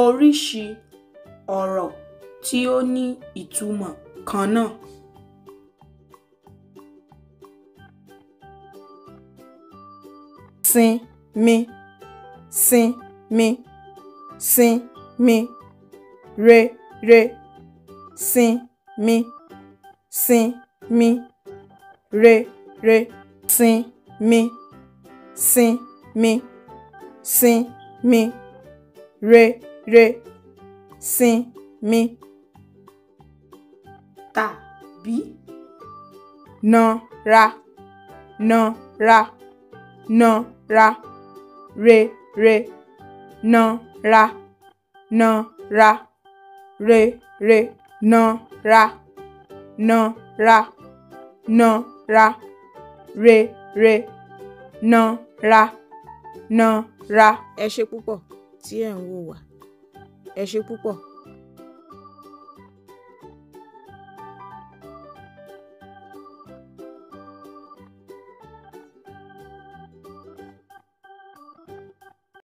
oríṣi ọ̀rọ̀ tí ó ní ìtumọ̀ kan náà. Sinmi, sinmi, sinmi. Re, re. Sinmi, sinmi. Re, re. Sinmi, sinmi, sinmi. Re, re re sin mi tàbí nàra nàra ra re re nàra ra re re ra nàra ra re re ra nàra ra ẹ ṣé púpọ̀ tí ẹ̀ ń wò wá. é G púpọ̀.